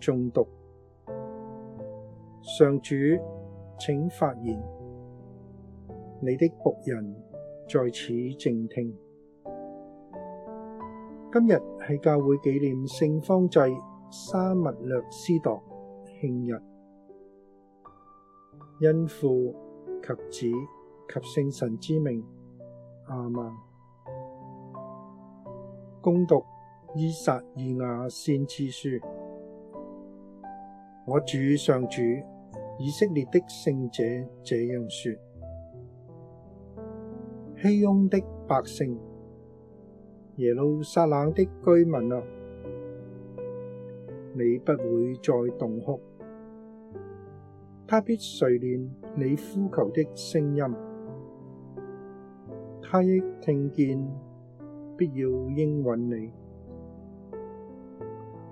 誦讀上主，請發言，你的僕人在此靜聽。今日係教會紀念聖方濟沙勿略司鐸慶日，因父及子及聖神之名阿們。恭讀《依撒意亞先知書》。我主上主，以色列的聖者這樣說：熙雍的百姓，耶路撒冷的居民啊，你不會再慟哭，他必垂憐你呼求的聲音，他亦聽見，必要應允你。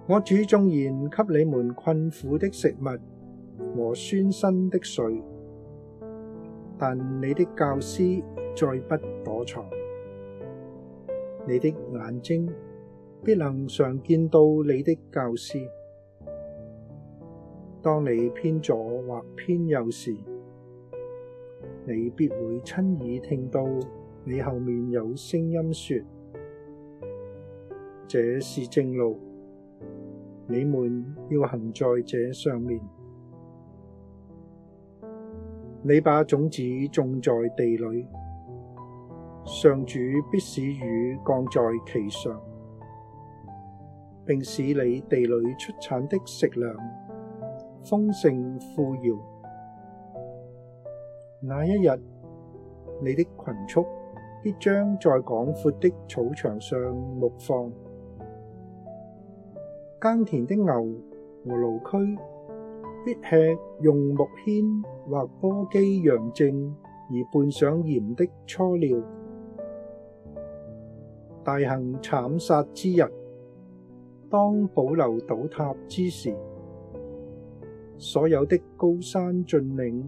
我主縱然給你們困苦的食物和酸辛的水，但你的教師再不躲藏，你的眼睛必能常見到你的教師。當你偏左或偏右時，你必會親耳聽到你後面有聲音說：這是正路。你們要行在這上面。你把種子種在地裏，上主必使雨降在其上，並使你地裏出產的食糧豐盛富饒。那一日，你的群畜必將在廣闊的草場上牧放。耕田的牛和驢駒，必吃用木杴或簸箕揚淨，而拌上鹽的芻料。大行慘殺之日，當堡樓倒塌之時，所有的高山峻嶺，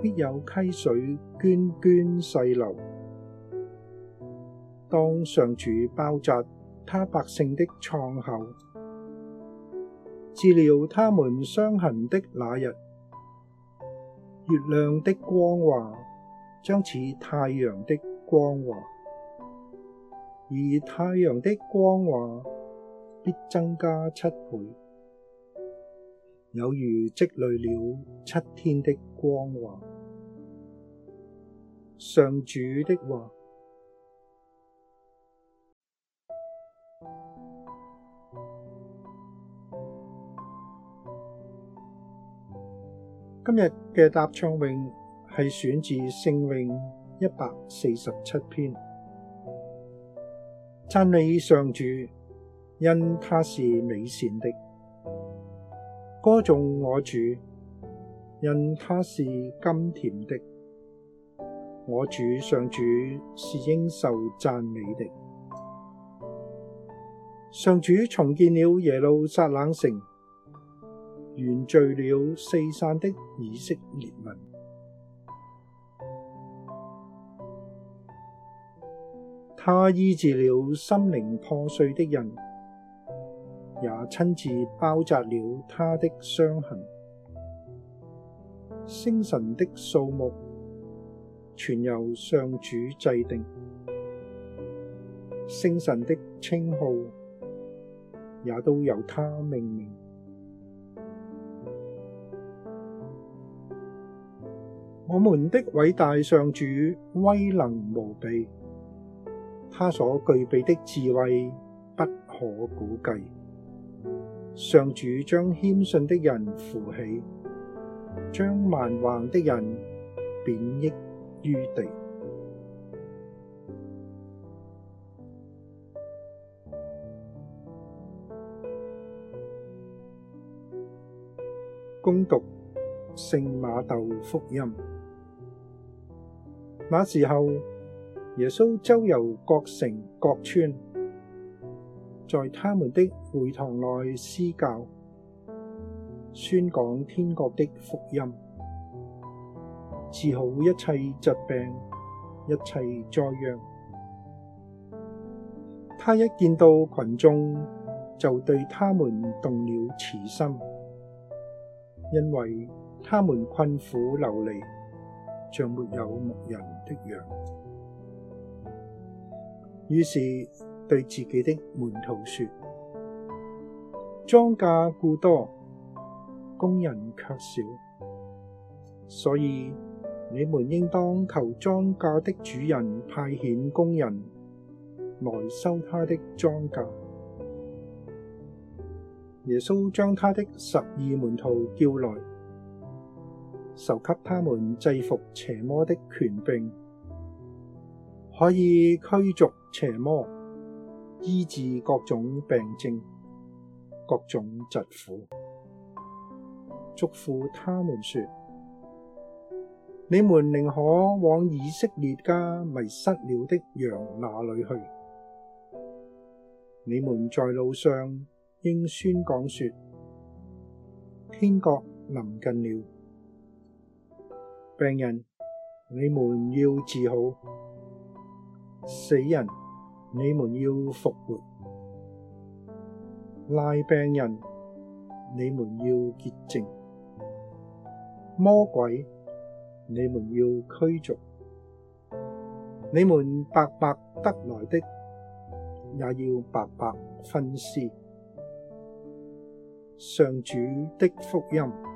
必有溪水涓涓細流。當上主包紮他百姓的創口，治療他們傷痕的那日，月亮的光華將似太陽的光華，而太陽的光華必增加七倍，有如積累了七天的光華。上主的話。今日嘅答唱詠係選自聖詠一百四十七篇，讚美上主，因他是美善的；歌頌我主，因他是甘甜的。我主上主是應受讚美的，上主重建了耶路撒冷城。完聚了四散的以色列民，他醫治了心靈破碎的人，也親自包紮了他的傷痕。星辰的數目全由上主制定，星辰的稱號也都由他命名。我們的偉大上主威能無比，他所具備的智慧不可估計。上主將謙遜的人扶起，將蠻橫的人貶抑於地。恭讀聖馬竇福音。那時候，耶穌周遊各城各村，在他們的會堂內施教，宣講天國的福音，治好一切疾病、一切災殃。他一見到群眾，就對他們動了慈心，因為他們困苦流離。像沒有牧人的羊，於是對自己的門徒說：莊稼固多，工人卻少，所以你們應當求莊稼的主人派遣工人來收他的莊稼。耶穌將他的十二門徒叫來。授給他們制伏邪魔的權柄，可以驅逐邪魔，醫治各種病症、各種疾苦。囑咐他們說：你們寧可往以色列家迷失了的羊那裏去。你們在路上應宣講說：天國臨近了。病人，你們要治好；死人，你們要復活；癩病人，你們要潔淨；魔鬼，你們要驅逐。你們白白得來的，也要白白分施。—上主的福音。